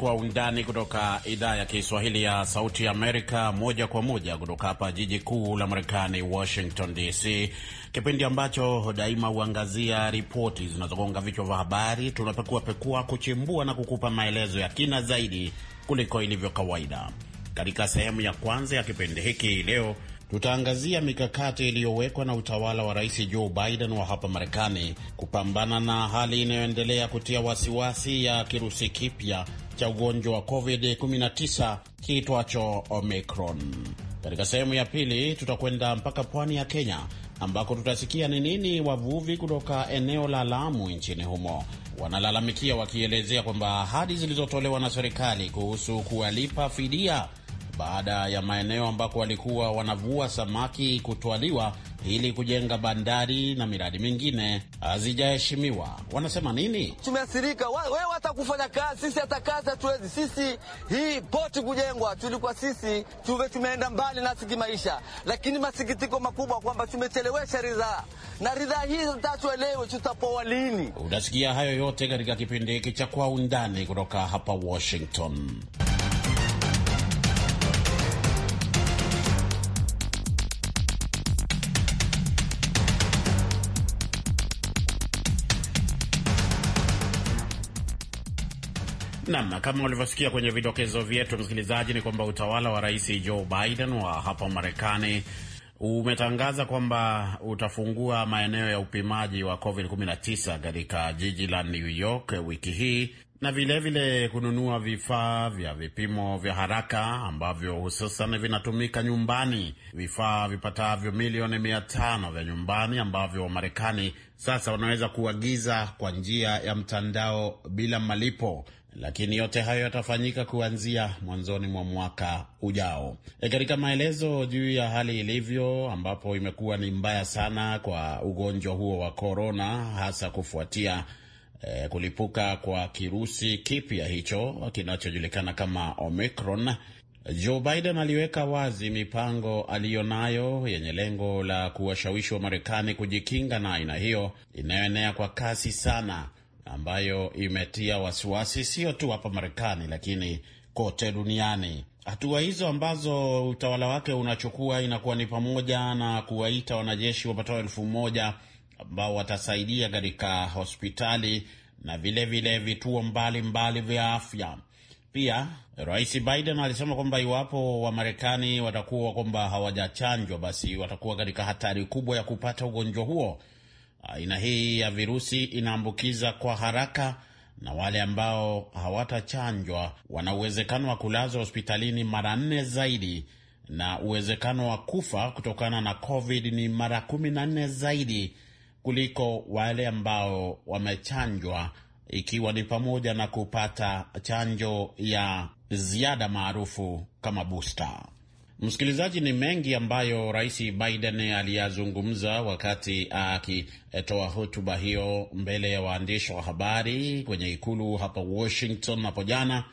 kwa undani kutoka idhaa ya Kiswahili ya Sauti Amerika, moja kwa moja kutoka hapa jiji kuu la Marekani, Washington DC, kipindi ambacho daima huangazia ripoti zinazogonga vichwa vya habari. Tunapekuapekua, kuchimbua na kukupa maelezo ya kina zaidi kuliko ilivyo kawaida. Katika sehemu ya kwanza ya kipindi hiki leo tutaangazia mikakati iliyowekwa na utawala wa Rais Joe Biden wa hapa Marekani kupambana na hali inayoendelea kutia wasiwasi ya kirusi kipya cha ugonjwa wa COVID-19 kiitwacho Omicron. Katika sehemu ya pili, tutakwenda mpaka pwani ya Kenya ambako tutasikia ni nini wavuvi kutoka eneo la Lamu nchini humo wanalalamikia, wakielezea kwamba ahadi zilizotolewa na serikali kuhusu kuwalipa fidia baada ya maeneo ambako walikuwa wanavua samaki kutwaliwa ili kujenga bandari na miradi mingine hazijaheshimiwa. Wanasema nini? Tumeathirika wewe, hata kufanya kazi sisi, hata kazi hatuwezi sisi. Hii poti kujengwa, tulikuwa sisi tuve tumeenda mbali nasi kimaisha, lakini masikitiko makubwa kwamba tumechelewesha ridhaa, na ridhaa hii tatuelewe tutapoa lini. Utasikia hayo yote katika kipindi hiki cha Kwa Undani kutoka hapa Washington. Naam, kama ulivyosikia kwenye vidokezo vyetu, msikilizaji, ni kwamba utawala wa Rais Joe Biden wa hapa Marekani umetangaza kwamba utafungua maeneo ya upimaji wa COVID-19 katika jiji la New York wiki hii na vilevile vile kununua vifaa vya vipimo vya haraka ambavyo hususan vinatumika nyumbani, vifaa vipatavyo milioni mia tano vya nyumbani ambavyo Wamarekani sasa wanaweza kuagiza kwa njia ya mtandao bila malipo lakini yote hayo yatafanyika kuanzia mwanzoni mwa mwaka ujao. E, katika maelezo juu ya hali ilivyo, ambapo imekuwa ni mbaya sana kwa ugonjwa huo wa korona, hasa kufuatia e, kulipuka kwa kirusi kipya hicho kinachojulikana kama Omicron. Joe Biden aliweka wazi mipango aliyonayo yenye lengo la kuwashawishi wa marekani kujikinga na aina hiyo inayoenea kwa kasi sana ambayo imetia wasiwasi sio tu hapa Marekani lakini kote duniani. Hatua hizo ambazo utawala wake unachukua inakuwa ni pamoja na kuwaita wanajeshi wapatao elfu moja ambao watasaidia katika hospitali na vilevile vile vituo mbalimbali vya afya. Pia Rais Biden alisema kwamba iwapo Wamarekani watakuwa kwamba hawajachanjwa, basi watakuwa katika hatari kubwa ya kupata ugonjwa huo Aina hii ya virusi inaambukiza kwa haraka na wale ambao hawatachanjwa wana uwezekano wa kulazwa hospitalini mara nne zaidi na uwezekano wa kufa kutokana na COVID ni mara kumi na nne zaidi kuliko wale ambao wamechanjwa, ikiwa ni pamoja na kupata chanjo ya ziada maarufu kama booster. Msikilizaji, ni mengi ambayo Rais Biden aliyazungumza wakati akitoa hotuba hiyo mbele ya waandishi wa habari kwenye ikulu hapa Washington hapo jana.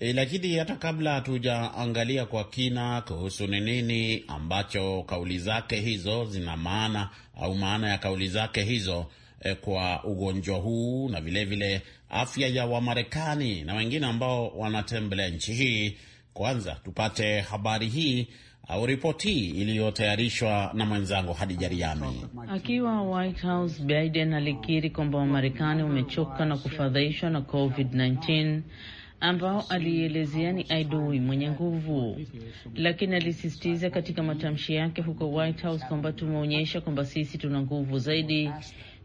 E, lakini hata kabla hatujaangalia kwa kina kuhusu ni nini ambacho kauli zake hizo zina maana au maana ya kauli zake hizo e, kwa ugonjwa huu na vilevile afya ya Wamarekani na wengine ambao wanatembelea nchi hii kwanza tupate habari hii au uh, ripoti hii iliyotayarishwa na mwenzangu Hadija Riami. Akiwa White House, Biden alikiri kwamba Wamarekani wamechoka na kufadhaishwa na COVID-19 ambao alielezea ni adui mwenye nguvu, lakini alisisitiza katika matamshi yake huko White House kwamba tumeonyesha kwamba sisi tuna nguvu zaidi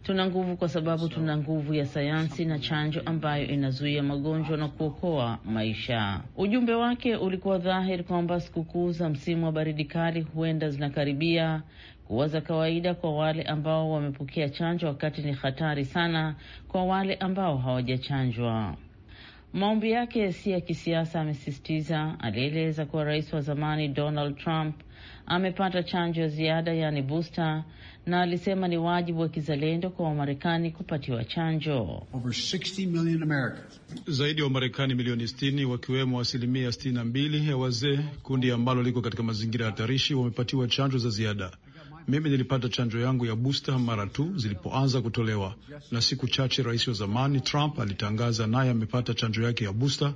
Tuna nguvu kwa sababu tuna nguvu ya sayansi na chanjo ambayo inazuia magonjwa na kuokoa maisha. Ujumbe wake ulikuwa dhahiri kwamba sikukuu za msimu wa baridi kali huenda zinakaribia kuwa za kawaida kwa wale ambao wamepokea chanjo, wakati ni hatari sana kwa wale ambao hawajachanjwa. Maombi yake si ya kisiasa, amesisitiza. Alieleza kuwa rais wa zamani Donald Trump amepata chanjo ya ziada, yaani booster, na alisema ni wajibu wa kizalendo kwa Wamarekani kupatiwa chanjo. Zaidi ya Wamarekani milioni 60 wakiwemo asilimia 62 ya wazee, kundi ambalo liko katika mazingira ya hatarishi, wamepatiwa chanjo za ziada. Mimi nilipata chanjo yangu ya busta mara tu zilipoanza kutolewa, na siku chache rais wa zamani Trump alitangaza naye amepata chanjo yake ya busta.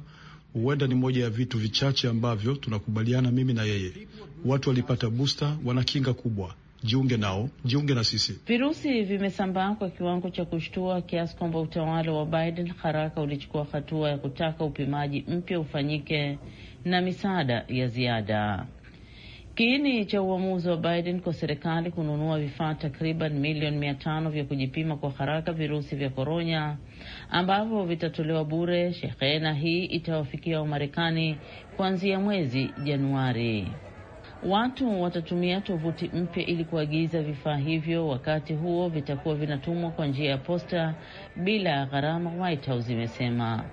Huenda ni moja ya vitu vichache ambavyo tunakubaliana mimi na yeye. Watu walipata busta, wana kinga kubwa jiunge nao, jiunge na sisi. Virusi vimesambaa kwa kiwango cha kushtua kiasi kwamba utawala wa Biden haraka ulichukua hatua ya kutaka upimaji mpya ufanyike na misaada ya ziada. Kiini cha uamuzi wa Biden kwa serikali kununua vifaa takriban milioni mia tano vya kujipima kwa haraka virusi vya korona ambavyo vitatolewa bure. Shehena hii itawafikia Wamarekani kuanzia mwezi Januari. Watu watatumia tovuti mpya ili kuagiza vifaa hivyo. Wakati huo vitakuwa vinatumwa kwa njia ya posta bila ya gharama, White House imesema.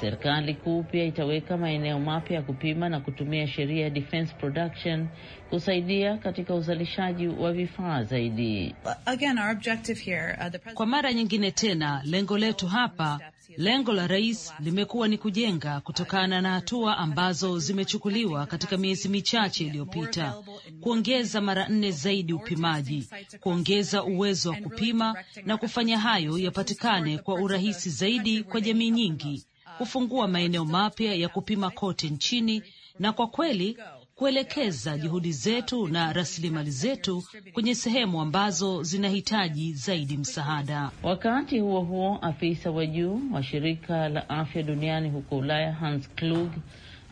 Serikali kuu pia itaweka maeneo mapya ya kupima na kutumia sheria ya defense production kusaidia katika uzalishaji wa vifaa zaidi. Again, our objective here, uh, the president... kwa mara nyingine tena lengo letu hapa Lengo la rais limekuwa ni kujenga kutokana na hatua ambazo zimechukuliwa katika miezi michache iliyopita: kuongeza mara nne zaidi upimaji, kuongeza uwezo wa kupima na kufanya hayo yapatikane kwa urahisi zaidi kwa jamii nyingi, kufungua maeneo mapya ya kupima kote nchini na kwa kweli kuelekeza juhudi zetu na rasilimali zetu kwenye sehemu ambazo zinahitaji zaidi msaada. Wakati huo huo, afisa wa juu wa shirika la afya duniani huko Ulaya Hans Klug,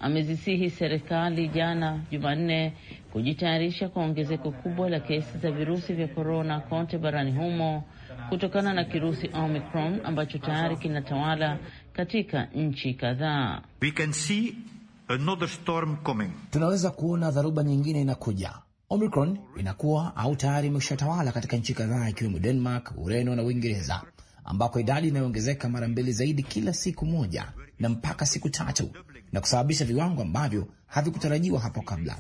amezisihi serikali jana Jumanne kujitayarisha kwa ongezeko kubwa la kesi za virusi vya korona kote barani humo kutokana na kirusi Omicron ambacho tayari kinatawala katika nchi kadhaa. We can see Another storm coming. Tunaweza kuona dharuba nyingine inakuja. Omicron inakuwa au tayari imeshatawala katika nchi kadhaa ikiwemo Denmark, Ureno na Uingereza, ambako idadi inayoongezeka mara mbili zaidi kila siku moja na mpaka siku tatu, na kusababisha viwango ambavyo havikutarajiwa hapo kabla.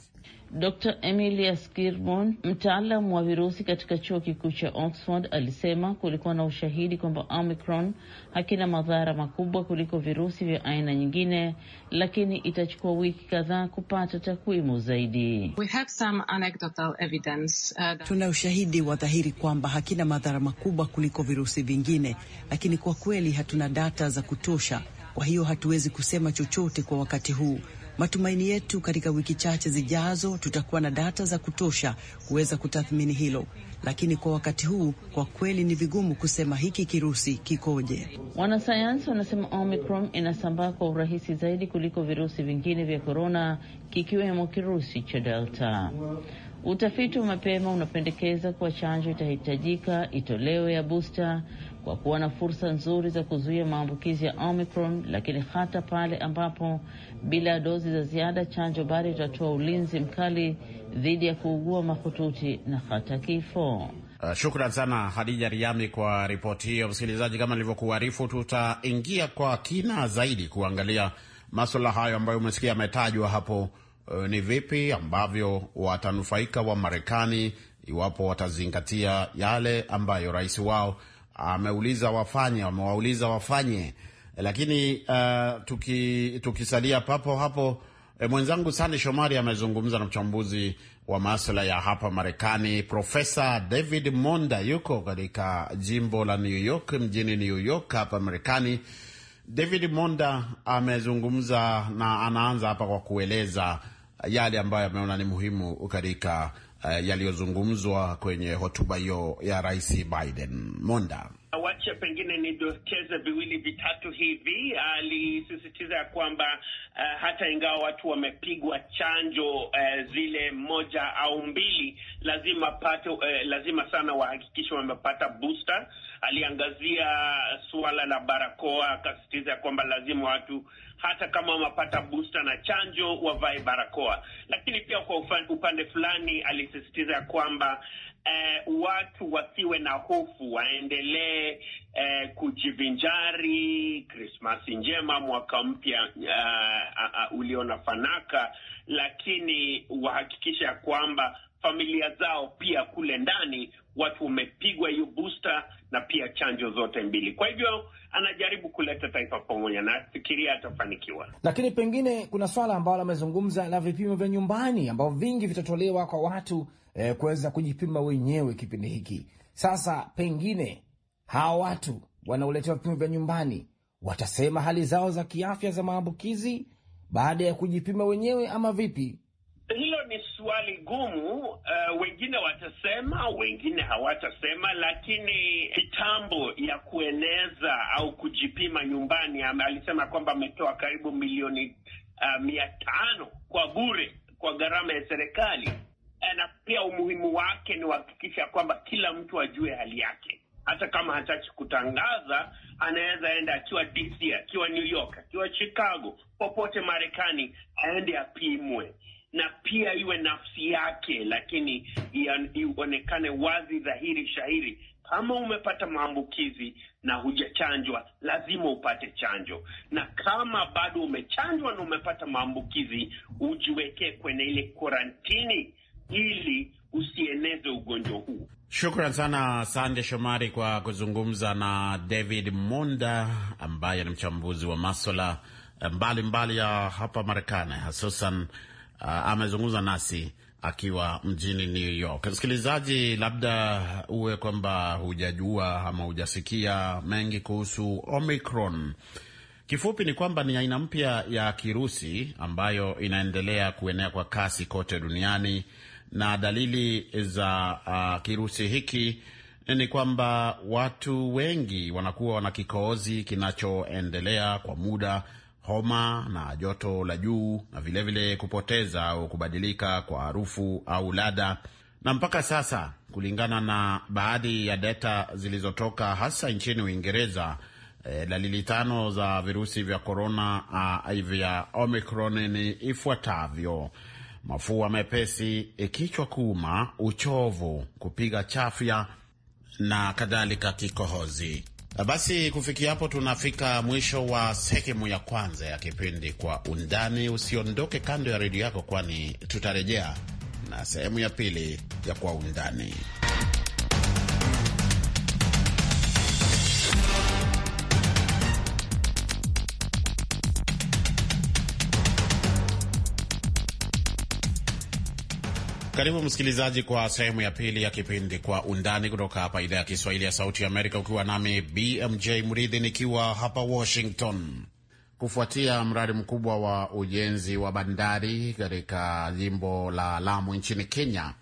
Dr Emilia skirbon mtaalam wa virusi katika chuo kikuu cha Oxford, alisema kulikuwa na ushahidi kwamba Omicron hakina madhara makubwa kuliko virusi vya aina nyingine, lakini itachukua wiki kadhaa kupata takwimu zaidi. We have some anecdotal evidence, uh, that... tuna ushahidi wa dhahiri kwamba hakina madhara makubwa kuliko virusi vingine, lakini kwa kweli hatuna data za kutosha kwa hiyo hatuwezi kusema chochote kwa wakati huu. Matumaini yetu katika wiki chache zijazo tutakuwa na data za kutosha kuweza kutathmini hilo, lakini kwa wakati huu kwa kweli ni vigumu kusema hiki kirusi kikoje. Wanasayansi wanasema Omicron inasambaa kwa urahisi zaidi kuliko virusi vingine vya korona, kikiwemo kirusi cha Delta. Utafiti wa mapema unapendekeza kuwa chanjo itahitajika itolewe ya booster kwa kuwa na fursa nzuri za kuzuia maambukizi ya Omicron, lakini hata pale ambapo bila ya dozi za ziada chanjo bado itatoa ulinzi mkali dhidi ya kuugua mahututi na hata kifo. Uh, shukran sana Hadija Riami kwa ripoti hiyo. Msikilizaji, kama nilivyokuarifu, tutaingia kwa kina zaidi kuangalia maswala hayo ambayo umesikia yametajwa hapo. Uh, ni vipi ambavyo watanufaika wa Marekani iwapo watazingatia yale ambayo rais wao ameuliza wafanye, wamewauliza wafanye, lakini uh, tuki, tukisalia papo hapo e, mwenzangu Sande Shomari amezungumza na mchambuzi wa maswala ya hapa Marekani Profesa David Monda, yuko katika jimbo la New York, mjini New York hapa Marekani. David Monda amezungumza na anaanza hapa kwa kueleza yale ambayo ameona ni muhimu katika Eh, yaliyozungumzwa kwenye hotuba hiyo ya Rais Biden. Monda Wacha pengine nidokeze viwili vitatu hivi. Alisisitiza ya kwamba uh, hata ingawa watu wamepigwa chanjo uh, zile moja au mbili, lazima pate, uh, lazima sana wahakikishe wamepata booster. Aliangazia suala la barakoa, akasisitiza ya kwamba lazima watu hata kama wamepata booster na chanjo wavae barakoa. Lakini pia kwa upande fulani alisisitiza kwamba eh, watu wasiwe na hofu, waendelee eh, kujivinjari. Krismasi njema, mwaka mpya uh, uh, ulio na fanaka, lakini wahakikisha kwamba familia zao pia kule ndani watu wamepigwa hiyo booster na pia chanjo zote mbili. Kwa hivyo anajaribu kuleta taifa pamoja, nafikiria atafanikiwa. Lakini pengine kuna swala ambalo amezungumza la vipimo vya nyumbani, ambavyo vingi vitatolewa kwa watu eh, kuweza kujipima wenyewe kipindi hiki. Sasa pengine hawa watu wanaoletewa vipimo vya nyumbani watasema hali zao za kiafya za maambukizi baada ya kujipima wenyewe, ama vipi? Hilo ni swali gumu. Uh, wengine watasema, wengine hawatasema, lakini mitambo ya kueneza au kujipima nyumbani alisema kwamba ametoa karibu milioni uh, mia tano kwa bure kwa gharama ya serikali, eh, na pia umuhimu wake ni kuhakikisha kwamba kila mtu ajue hali yake hata kama hataki kutangaza, anaweza enda akiwa DC, akiwa New York, akiwa Chicago, popote Marekani, aende apimwe na pia iwe nafsi yake, lakini ionekane wazi dhahiri shahiri. Kama umepata maambukizi na hujachanjwa, lazima upate chanjo, na kama bado umechanjwa na umepata maambukizi, ujiwekee kwenye ile karantini ili usieneze ugonjwa huu. Shukran sana Sande Shomari kwa kuzungumza na David Monda ambaye ni mchambuzi wa maswala eh, mbalimbali ya hapa Marekani, hususan uh, amezungumza nasi akiwa mjini New York. Msikilizaji, labda uwe kwamba hujajua ama hujasikia mengi kuhusu Omicron. Kifupi ni kwamba ni aina mpya ya kirusi ambayo inaendelea kuenea kwa kasi kote duniani, na dalili za uh, kirusi hiki ni kwamba watu wengi wanakuwa wana kikohozi kinachoendelea kwa muda homa na joto la juu na vilevile vile kupoteza au kubadilika kwa harufu au ladha. Na mpaka sasa, kulingana na baadhi ya data zilizotoka hasa nchini Uingereza, e, dalili tano za virusi vya korona ah, vya Omicron ni ifuatavyo: mafua mepesi, eh, kichwa kuuma, uchovu, kupiga chafya na kadhalika, kikohozi. Eh, basi kufikia hapo tunafika mwisho wa sehemu ya kwanza ya kipindi Kwa Undani. Usiondoke kando ya redio yako, kwani tutarejea na sehemu ya pili ya Kwa Undani. Karibu msikilizaji kwa sehemu ya pili ya kipindi Kwa Undani kutoka hapa idhaa ya Kiswahili ya Sauti ya Amerika, ukiwa nami BMJ Mridhi nikiwa hapa Washington. Kufuatia mradi mkubwa wa ujenzi wa bandari katika jimbo la Lamu nchini Kenya,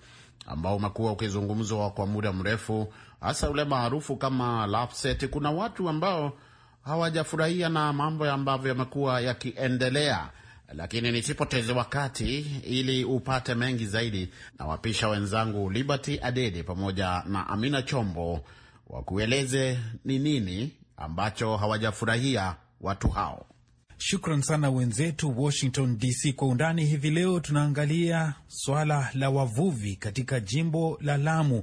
ambao umekuwa ukizungumzwa kwa muda mrefu, hasa ule maarufu kama Lapset, kuna watu ambao hawajafurahia na mambo ambavyo yamekuwa yakiendelea lakini nisipoteze wakati ili upate mengi zaidi, na wapisha wenzangu Liberty Adede pamoja na Amina Chombo wakueleze ni nini ambacho hawajafurahia watu hao. Shukran sana wenzetu Washington DC. Kwa undani hivi leo tunaangalia swala la wavuvi katika jimbo la Lamu,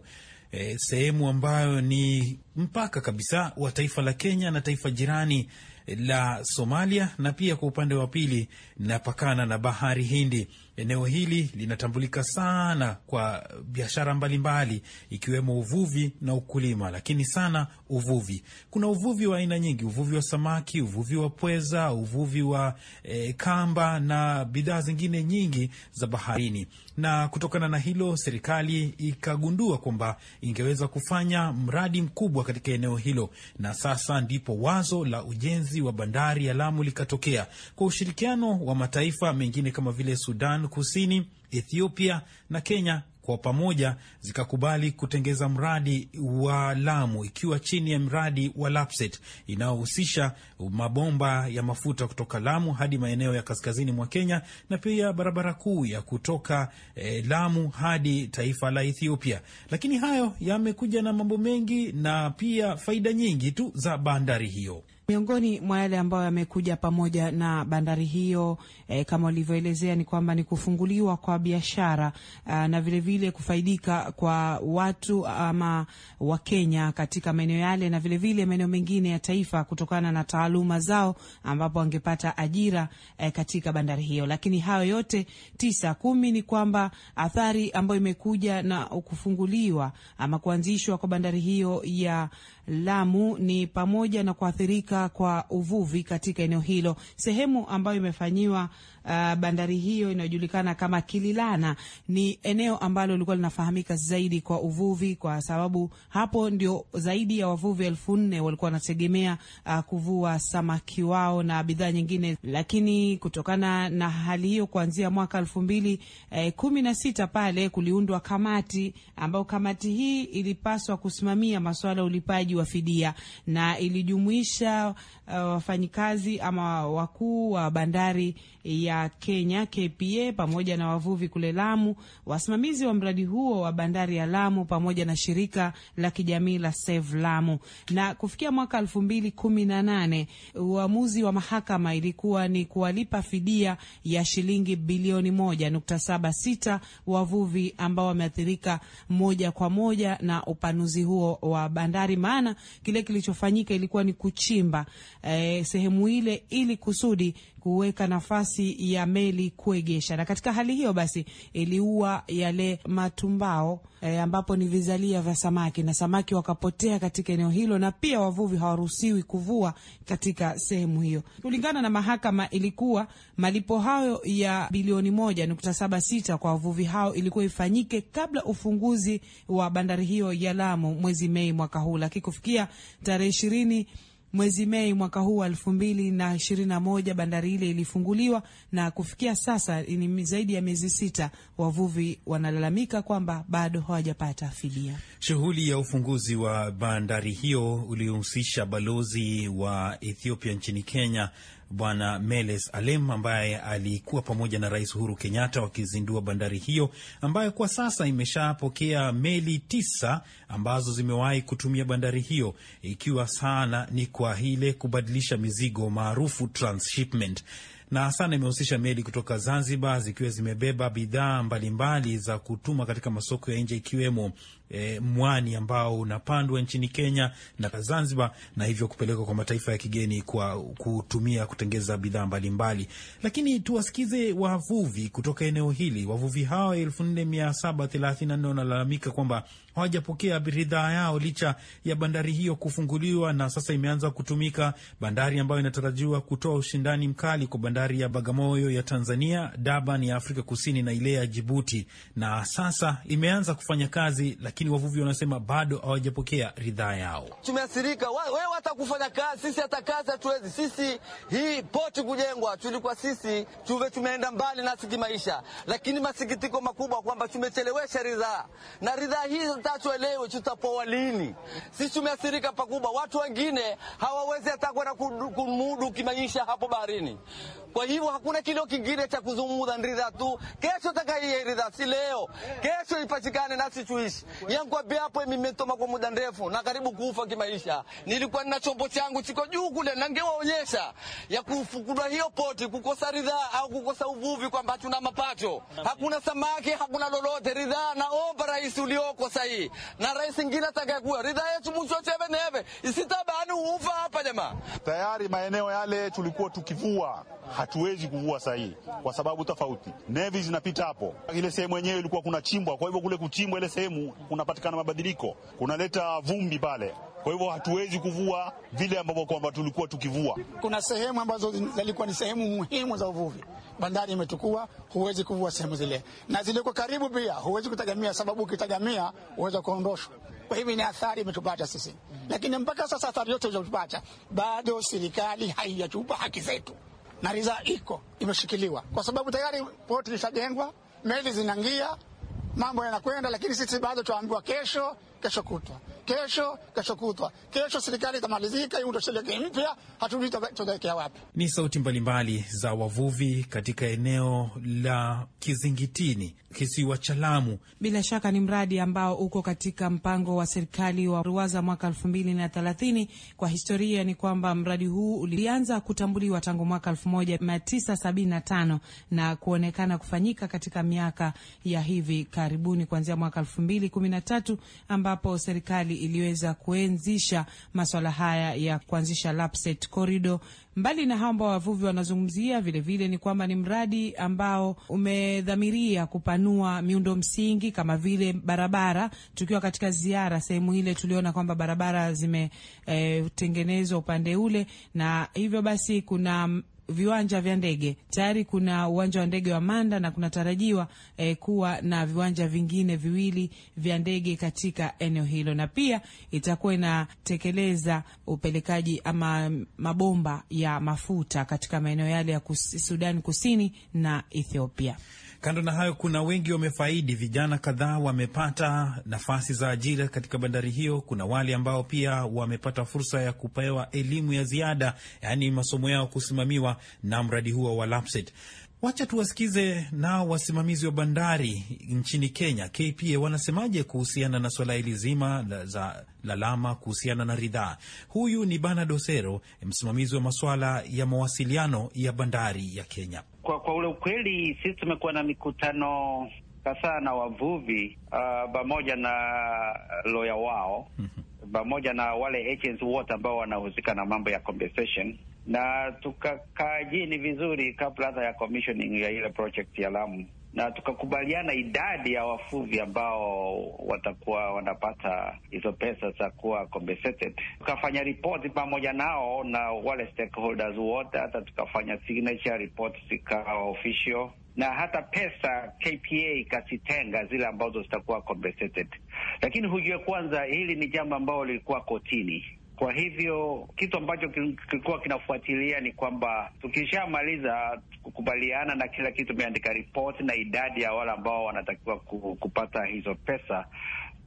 e, sehemu ambayo ni mpaka kabisa wa taifa la Kenya na taifa jirani la Somalia na pia kwa upande wa pili napakana na bahari Hindi. Eneo hili linatambulika sana kwa biashara mbalimbali ikiwemo uvuvi na ukulima, lakini sana uvuvi. Kuna uvuvi wa aina nyingi, uvuvi wa samaki, uvuvi wa pweza, uvuvi wa e, kamba na bidhaa zingine nyingi za baharini. Na kutokana na hilo, serikali ikagundua kwamba ingeweza kufanya mradi mkubwa katika eneo hilo, na sasa ndipo wazo la ujenzi wa bandari ya Lamu likatokea kwa ushirikiano wa mataifa mengine kama vile Sudan Kusini, Ethiopia na Kenya kwa pamoja zikakubali kutengeza mradi wa Lamu ikiwa chini ya mradi wa LAPSET inayohusisha mabomba ya mafuta kutoka Lamu hadi maeneo ya kaskazini mwa Kenya na pia barabara kuu ya kutoka eh, Lamu hadi taifa la Ethiopia. Lakini hayo yamekuja na mambo mengi na pia faida nyingi tu za bandari hiyo. Miongoni mwa yale ambayo yamekuja pamoja na bandari hiyo eh, kama ulivyoelezea ni kwamba ni kufunguliwa kwa biashara ah, na vilevile vile kufaidika kwa watu ama wa Kenya katika maeneo yale na vilevile maeneo mengine ya taifa kutokana na taaluma zao, ambapo wangepata ajira eh, katika bandari hiyo. Lakini hayo yote tisa kumi ni kwamba athari ambayo imekuja na kufunguliwa ama kuanzishwa kwa bandari hiyo ya Lamu ni pamoja na kuathirika kwa uvuvi katika eneo hilo, sehemu ambayo imefanyiwa uh, bandari hiyo inayojulikana kama Kililana ni eneo ambalo lilikuwa linafahamika zaidi kwa uvuvi, kwa sababu hapo ndio zaidi ya wavuvi elfu nne walikuwa wanategemea uh, kuvua samaki wao na bidhaa nyingine, lakini kutokana na hali hiyo, kuanzia mwaka elfu mbili eh, kumi na sita pale kuliundwa kamati ambayo kamati hii ilipaswa kusimamia masuala ya ulipaji wa fidia na ilijumuisha ah, wafanyikazi ama wakuu wa bandari ya Kenya KPA pamoja na wavuvi kule Lamu, wasimamizi wa mradi huo wa bandari ya Lamu pamoja na shirika la kijamii la Save Lamu. Na kufikia mwaka 2018 uamuzi wa mahakama ilikuwa ni kuwalipa fidia ya shilingi bilioni 1.76 wavuvi ambao wameathirika moja kwa moja na upanuzi huo wa bandari, maana kile kilichofanyika ilikuwa ni kuchimba eh, sehemu ile ili kusudi kuweka nafasi ya meli kuegesha, na katika hali hiyo basi iliua yale matumbao e, ambapo ni vizalia vya samaki na samaki wakapotea katika eneo hilo, na pia wavuvi hawaruhusiwi kuvua katika sehemu hiyo. Kulingana na mahakama, ilikuwa malipo hayo ya bilioni moja nukta saba sita kwa wavuvi hao ilikuwa ifanyike kabla ufunguzi wa bandari hiyo ya Lamu mwezi Mei mwaka huu, lakini kufikia tarehe ishirini Mwezi Mei mwaka huu wa elfu mbili na ishirini na moja bandari ile ilifunguliwa, na kufikia sasa ni zaidi ya miezi sita, wavuvi wanalalamika kwamba bado hawajapata fidia. Shughuli ya ufunguzi wa bandari hiyo ulihusisha balozi wa Ethiopia nchini Kenya Bwana Meles Alem ambaye alikuwa pamoja na Rais Uhuru Kenyatta wakizindua bandari hiyo ambayo kwa sasa imeshapokea meli tisa ambazo zimewahi kutumia bandari hiyo, ikiwa sana ni kwa ile kubadilisha mizigo maarufu transshipment na sana imehusisha meli kutoka Zanzibar zikiwa zimebeba bidhaa mbalimbali za kutuma katika masoko ya nje ikiwemo e, mwani ambao unapandwa nchini Kenya na Zanzibar na hivyo kupelekwa kwa mataifa ya kigeni kwa kutumia kutengeza bidhaa mbalimbali. Lakini tuwasikize wavuvi kutoka eneo hili. Wavuvi hao elfu nne mia saba thelathini na nne wanalalamika kwamba hawajapokea bidhaa yao licha ya bandari hiyo kufunguliwa na sasa imeanza kutumika, bandari ambayo inatarajiwa kutoa ushindani mkali kwa bandari ya Bagamoyo ya Tanzania, Durban ya Afrika Kusini na ile ya Jibuti, na sasa imeanza kufanya kazi lakini wavuvi wanasema bado hawajapokea ridhaa yao. Tumeathirika, wewe watakufanya kazi, sisi hata kazi hatuwezi. Sisi hii poti kujengwa, tulikuwa sisi tuve, tumeenda mbali nasi kimaisha, lakini masikitiko makubwa kwamba tumechelewesha ridhaa, na ridhaa hii tatuelewe tutapoa lini. Sisi tumeathirika pakubwa, watu wengine hawawezi hata kwenda kumudu kimaisha hapo baharini. Kwa hivyo hakuna kilio kingine cha kuzungumza, ni ridhaa tu. Kesho takaiye ridha, si leo, kesho ipatikane nasi tuishi. Yankwambia hapo mimetoma kwa muda mrefu na karibu kufa kimaisha. Nilikuwa nina chombo changu chiko juu kule, na ningewaonyesha ya kufukudwa hiyo poti, kukosa ridha au kukosa uvuvi, kwamba hatuna mapato, hakuna samaki, hakuna lolote. Ridhaa naomba rais ulioko sahihi na rais ingine atakayekuwa, ridha yetu mchocheveneve isitabani ufa hapa jamaa. Tayari maeneo yale tulikuwa tukivua hatuwezi kuvua sahihi kwa sababu tofauti, nevi zinapita hapo. Ile sehemu yenyewe ilikuwa kuna chimbwa, kwa hivyo kule kuchimbwa ile sehemu kunapatikana mabadiliko, kunaleta vumbi pale kwa hivyo hatuwezi kuvua vile ambavyo kwamba tulikuwa tukivua. Kuna sehemu ambazo zilikuwa ni sehemu muhimu za uvuvi, bandari imetukua, huwezi kuvua sehemu zile, na ziliko karibu pia huwezi kutegemea, sababu ukitegemea uweza kuondoshwa. Kwa hivyo ni athari imetupata sisi, lakini mpaka sasa athari yote ilizotupata bado serikali haijatupa haki zetu na ridhaa iko imeshikiliwa, kwa sababu tayari poti lishajengwa, meli zinaingia, mambo yanakwenda, lakini sisi bado tuambiwa kesho, kesho kutwa, kesho, kesho kutwa, kesho serikali itamalizika, iundo shelege mpya, hatujui tutaelekea wapi. Ni sauti mbalimbali za wavuvi katika eneo la Kizingitini kisiwa cha Lamu. Bila shaka ni mradi ambao uko katika mpango wa serikali wa Ruwaza mwaka elfu mbili na thelathini. Kwa historia ni kwamba mradi huu ulianza kutambuliwa tangu mwaka elfu moja mia tisa sabini na tano na kuonekana kufanyika katika miaka ya hivi karibuni kuanzia mwaka elfu mbili kumi na tatu ambapo serikali iliweza kuenzisha maswala haya ya kuanzisha LAPSSET corridor Mbali na hao ambao wavuvi wanazungumzia, vilevile ni kwamba ni mradi ambao umedhamiria kupanua miundo msingi kama vile barabara. Tukiwa katika ziara sehemu ile, tuliona kwamba barabara zimetengenezwa eh, e, upande ule, na hivyo basi kuna viwanja vya ndege tayari kuna uwanja wa ndege wa Manda na kunatarajiwa eh, kuwa na viwanja vingine viwili vya ndege katika eneo hilo, na pia itakuwa inatekeleza upelekaji ama mabomba ya mafuta katika maeneo yale ya kus, Sudani Kusini na Ethiopia. Kando na hayo, kuna wengi wamefaidi. Vijana kadhaa wamepata nafasi za ajira katika bandari hiyo. Kuna wale ambao pia wamepata fursa ya kupewa elimu ya ziada, yaani masomo yao kusimamiwa na mradi huo wa LAPSSET. Wacha tuwasikize nao wasimamizi wa bandari nchini Kenya, KPA, wanasemaje kuhusiana na swala hili zima la, za lalama kuhusiana na ridhaa. Huyu ni Bana Dosero, msimamizi wa masuala ya mawasiliano ya bandari ya Kenya kwa, kwa ule ukweli sisi tumekuwa na mikutano kadhaa na wavuvi ah, pamoja uh, na loya wao mhm. pamoja na wale agents wote ambao wanahusika na mambo ya compensation na tukakaa jini vizuri kabla hata ya commissioning ya ile project ya Lamu na tukakubaliana idadi ya wafuvi ambao watakuwa wanapata hizo pesa za kuwa compensated. Tukafanya ripoti pamoja nao na wale stakeholders wote, hata tukafanya signature report zikawa official na hata pesa KPA ikazitenga zile ambazo zitakuwa compensated. Lakini hujue kwanza, hili ni jambo ambalo lilikuwa kotini kwa hivyo kitu ambacho kilikuwa kinafuatilia ni kwamba tukishamaliza kukubaliana na kila kitu, tumeandika ripoti na idadi ya wale ambao wanatakiwa kupata hizo pesa,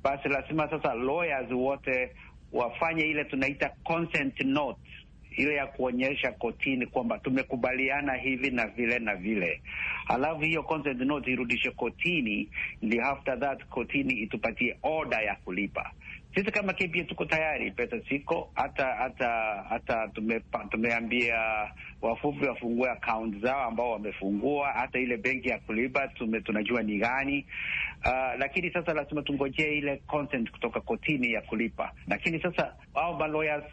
basi lazima sasa lawyers wote wafanye ile tunaita consent note, ile ya kuonyesha kotini kwamba tumekubaliana hivi na vile na vile, alafu hiyo consent note irudishe kotini, ndio after that kotini itupatie order ya kulipa. Sisi kama KPA tuko tayari, pesa ziko hata hata hata tume, tumeambia wafuvi wafungue akaunti zao ambao wamefungua, hata ile benki ya kulipa tume, tunajua ni gani. Uh, lakini sasa lazima tungojee ile consent kutoka kotini ya kulipa. Lakini sasa hao maloyas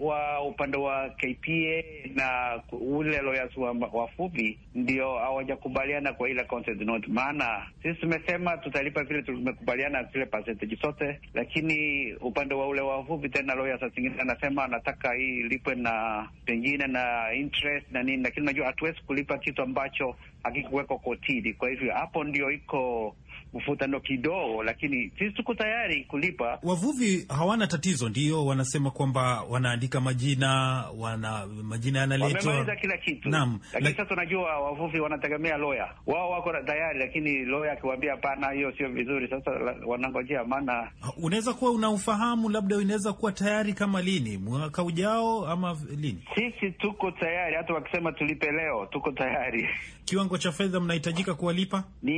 wa upande wa KPA na ule loyas wa wafupi ndio hawajakubaliana kwa ile consent note, maana sisi tumesema tutalipa vile tumekubaliana, zile percentage zote, lakini upande wa ule wavuvi tena, lawyer saa zingine anasema anataka hii ilipwe na pengine na interest na nini, lakini unajua hatuwezi kulipa kitu ambacho hakikuwekwa kotini. Kwa hivyo hapo ndio iko mvutano kidogo, lakini sisi tuko tayari kulipa. Wavuvi hawana tatizo, ndio wanasema kwamba wanaandika majina, wana majina yanaletwa, wamemaliza kila kitu. Naam, lakini sasa tunajua wavuvi wanategemea loya wao, wako tayari, lakini loya akiwaambia hapana, hiyo sio vizuri, sasa wanangojea. Maana unaweza kuwa unaufahamu, labda inaweza kuwa tayari kama lini, mwaka ujao ama lini? Sisi tuko tayari, hata wakisema tulipe leo, tuko tayari. Kiwango cha fedha mnahitajika kuwalipa ni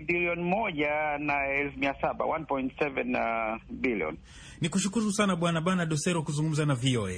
bilioni bilioni moja na elfu mia saba 1.7 uh, bilioni. Ni kushukuru sana Bwana Bana Dosero kuzungumza na VOA.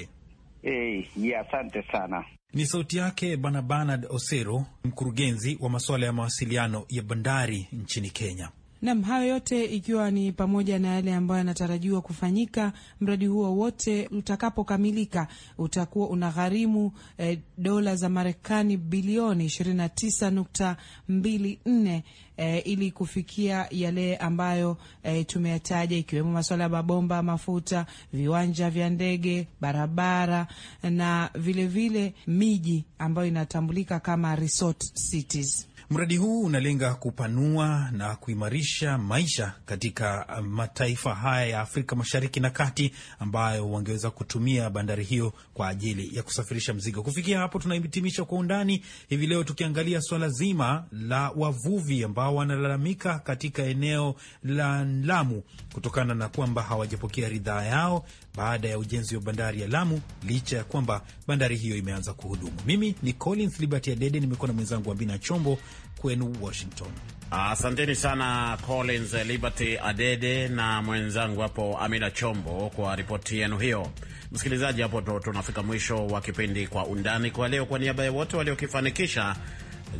Hey, eh, yeah, sana. Ni sauti yake Bwana Bernard Osero, mkurugenzi wa masuala ya mawasiliano ya bandari nchini Kenya. Nam, hayo yote ikiwa ni pamoja na yale ambayo yanatarajiwa kufanyika. Mradi huo wote utakapokamilika utakuwa unagharimu e, eh, dola za Marekani bilioni 29.24 e, eh, ili kufikia yale ambayo e, tumeyataja ikiwemo masuala ya mabomba, mafuta, viwanja vya ndege, barabara na vilevile vile miji ambayo inatambulika kama resort cities. Mradi huu unalenga kupanua na kuimarisha maisha katika mataifa haya ya Afrika Mashariki na Kati ambayo wangeweza kutumia bandari hiyo kwa ajili ya kusafirisha mzigo. Kufikia hapo, tunahitimisha kwa undani hivi leo tukiangalia swala zima la wavuvi ambao wanalalamika katika eneo la Lamu kutokana na kwamba hawajapokea ridhaa yao baada ya ujenzi wa bandari ya Lamu, licha ya kwamba bandari hiyo imeanza kuhudumu. Mimi ni Collins Liberty Adede, nimekuwa na mwenzangu Ambina Chombo kwenu Washington. Asanteni sana Collins Liberty Adede na mwenzangu hapo Amina Chombo kwa ripoti yenu hiyo. Msikilizaji, hapo tunafika mwisho wa kipindi Kwa Undani kwa leo. Kwa niaba ya wote waliokifanikisha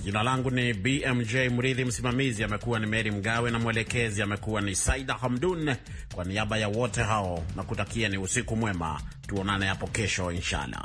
Jina langu ni BMJ Mridhi, msimamizi amekuwa ni Meri Mgawe na mwelekezi amekuwa ni Saida Hamdun. Kwa niaba ya wote hao, na kutakia ni usiku mwema, tuonane hapo kesho inshallah.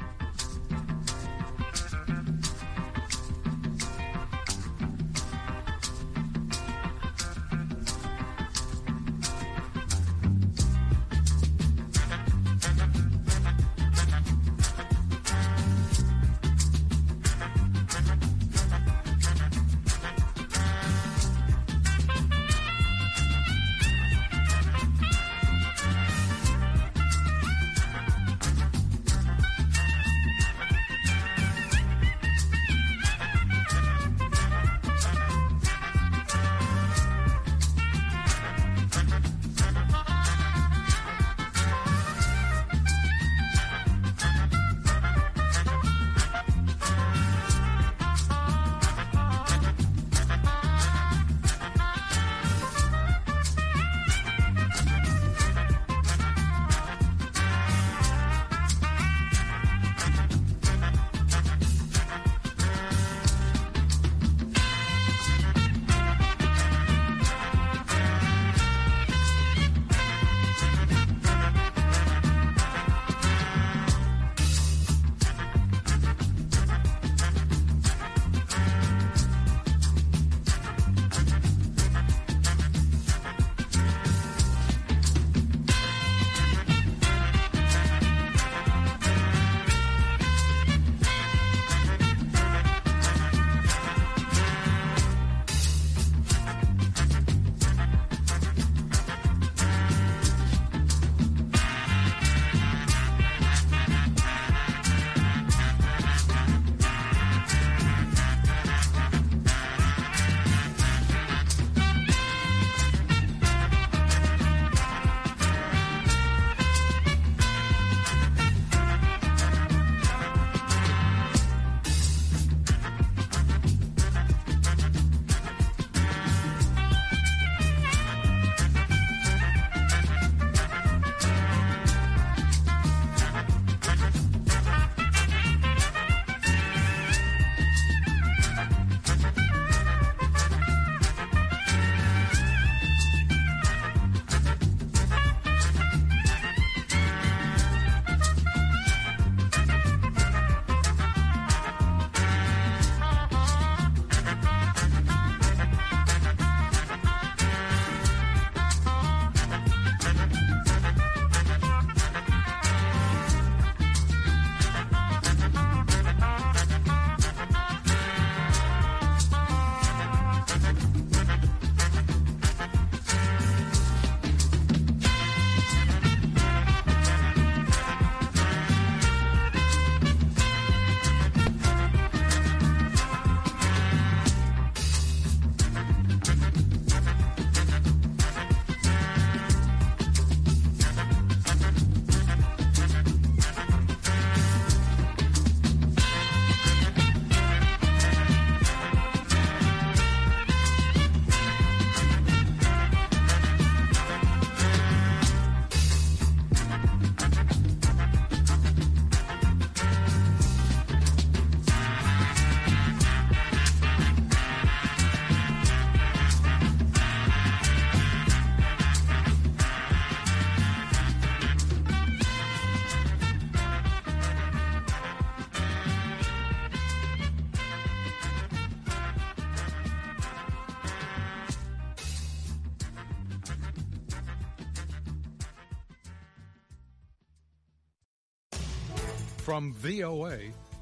From VOA,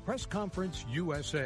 Press Conference USA.